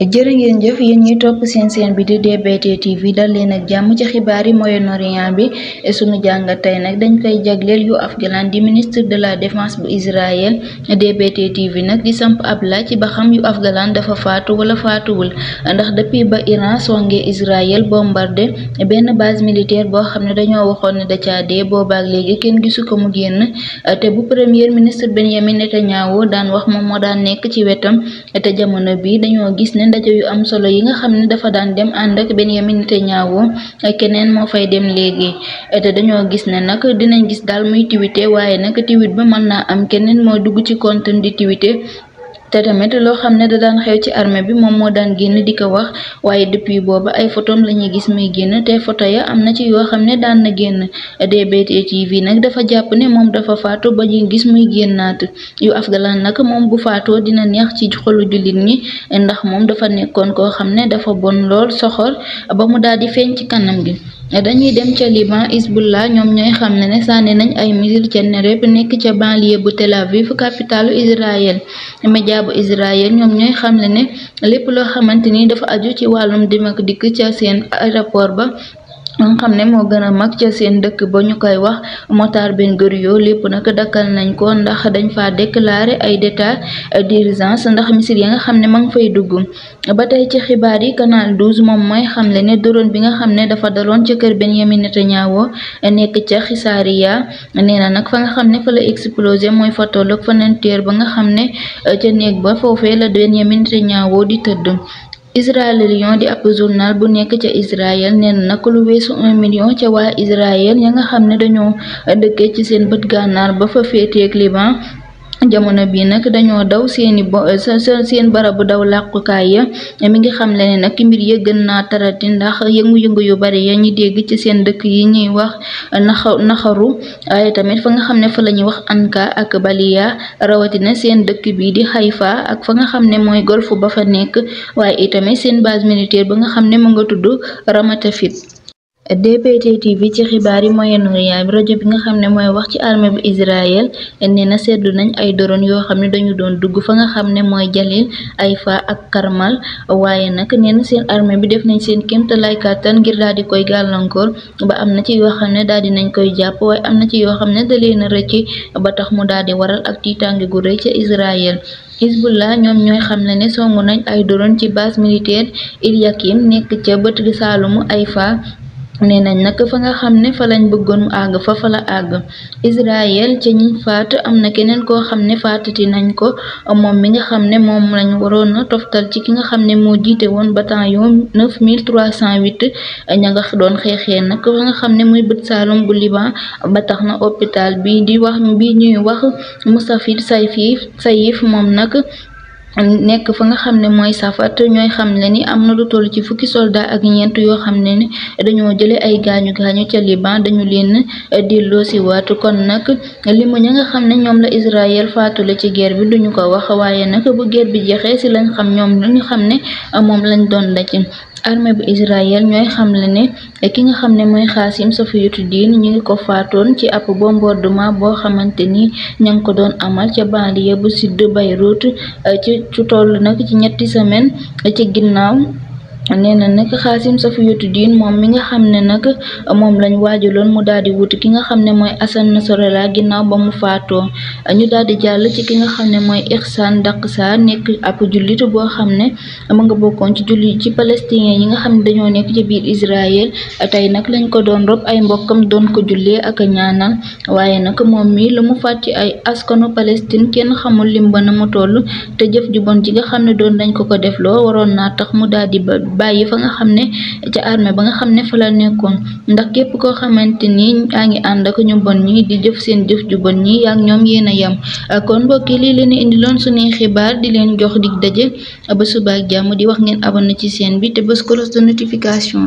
jërë ngeen jëf yéen ñuy topp seen seen bi di DBT TV dal leen ak jàmm ci xibaar yi Moyen-Orient bi e sunu jàngatey nag dañ koy jagleel yu Afghalan di ministre de la défense bu Israël DBT TV nag di samp ab laaj ci ba xam yu Afghalan dafa faatu wala faatuwul ndax depuis ba Iran songe Israël bombardé benn base militaire boo xam ne dañoo waxoon ne da caa dee boobaak léegi kenn gisu ko mu génn te bu premier ministre Benjamin Netanyahu daan wax moom moo daan nekk ci wetam te ndaje yu am solo yi nga xam ne dafa daan dem ànd ak Benyamin Netanyahu keneen moo fay dem léegi te dañoo gis ne nag dinañ gis daal muy tiwite waaye nag tiwit ba mën naa am keneen moo dugg ci compte di tiwite te tamit loo xam ne da daan xew ci armée bi moom moo daan génn di ko wax waaye depuis booba ay photom la ñuy gis muy génn te photo ya am na ci yoo xam ne daan na génn DBT TV nag dafa jàpp ne moom dafa faatu ba ñu gis muy génnaat yu afgalan nag moom bu faatoo dina neex ci xolu jullit ñi ndax moom dafa nekkoon koo xam ne dafa bon lool soxor ba mu daal di feeñ ci kanam gi dañuy dem ca Liban Hezbollah ñoom ñooy xam ne ne sànni nañ ay misil ca bu nekk ca banlieue bu Tel Aviv capitalu Israël média bu Israël ñoom ñooy xam ne ne lépp loo xamante ni dafa aju ci wàllum dem ak dikk ca seen aéroport ba nga xam ne moo gën a mag ca seen dëkk ba ñu koy wax Matar Ben Gorio lépp nag dakkal nañ ko ndax dañ fa déclaré ay d'état d'urgence ndax misil ya nga xam ne ma ngi fay dugg ba tey ci xibaar yi canal 12 moom mooy xamle ne drone bi nga xam ne dafa daroon ca kër Benyamin Netanyahu nekk ca Xisaariya nee na nag fa nga xam ne fa la explosé mooy fa tolloog feneen ba nga xam ne ca néeg ba foofee la Benyamin Netanyahu di tëdd Israeliyon di ab journal bu nekk ca Israël neen na lu weesu un million ca waa Israël ya nga xam ne dañoo dëkkee ci seen bët gànnaar ba fa féeteeg Liban jamono bi nag dañoo daw seeni bo seen barabu daw làqukaay ya mi ngi xam le ne nag mbir ya gën naa tarati ndax yëngu-yëngu yu bari ya ñu dégg ci seen dëkk yi ñuy wax naxaru ay tamit fa nga xam ne fa la ñuy wax anka ak baliya rawatina seen dëkk bi di fa ak fa nga xam ne mooy golf ba fa nekk waaye itamit seen base militaire ba nga xam ne mu nga tudd Ramatafit DBT TV ci xibaar yi Moyen-Orient bi rajo bi nga xam ne mooy wax ci armée bu Israël nee na seddu nañ ay doron yoo xam ne dañu doon dugg fa nga xam ne mooy Jalil Ayfa ak Karmal waaye nag nee seen armée bi def nañ seen kéemtalaay kàttan ngir daal di koy gàllankoor ba am na ci yoo xam ne daal di nañ koy jàpp waaye am na ci yoo xam ne da leen a rëcc ba tax mu daal di waral ak tiitaange gu rëy ca Israël. Hezbollah ñoom ñooy xam ne songu nañ ay doron ci base militaire Ilyakim nekk ca bët saalumu Ayfa nee nañ na fa nga xam ne fa lañ bëggoon mu àgg fa fa la àgg Israël ca ñi faat am na keneen koo xam ne faatati nañ ko moom mi nga xam ne moom lañ waroon na toftal ci ki nga xam ne moo jiite woon bataillon 9308 ña nga doon xeexee nag fa nga xam ne muy bët saalum bu Liban ba tax na hôpital bi di wax bi ñuy wax Moustapha Sayfi Sayif moom nag nekk fa nga xam ne mooy safat ñooy xam ne ni am na lu toll ci fukki soldat ak ñeent yoo xam ne ni dañoo jële ay gaañu gaañu ca Liban dañu leen eh, delloo si kon nag li mu ña nga xam ne ñoom la Israël faatule ci geer bi duñu ko wax waaye nag bu guerre bi jeexee si lañ xam ñoom lu ñu xam ne eh, moom lañ doon daj armée bu israel ñooy xamle ne ki nga xam ne mooy xaasim safiyuddin ñu ngi ko faatoon ci ab bombardement boo xamante ni ña ngi ko doon amal ca banlieue bu sud Beyrouth ci ci toll nag ci ñetti semaine ci ginnaaw nee na nag Xaasim Safiyatu Diin moom mi nga xam ne nag moom lañ waajaloon mu daal di wuti ki nga xam ne mooy Asan Nasrallah ginnaaw ba mu faatoo ñu daal di jàll ci ki nga xam ne mooy Ihsan Daqsa nekk ab jullit boo xam ne mu nga bokkoon ci jullit ci palestinien yi nga xam ne dañoo nekk ci biir Israël tey nag lañ ko doon rob ay mbokkam doon ko jullee ak a ñaanal waaye nag moom mii lu mu faat ci ay askanu Palestine kenn xamul lim ba na mu toll te jëf ju bon ci nga xam ne doon dañ ko ko defloo waroon naa tax mu daal di ba bàyyi fa nga xam ne ca armée ba nga xam ne fa la nekkoon ndax képp koo xamante ni yaa ngi ànd ak ñu bon ñi di jëf seen jëf ju bon ñi yaa ngi ñoom yéen a yem ah, kon mbokki yi lii leen indiloon suñuy xibaar di leen jox dig daje ba suba jàmm di wax ngeen abonné ci seen bi te bës cloche de notification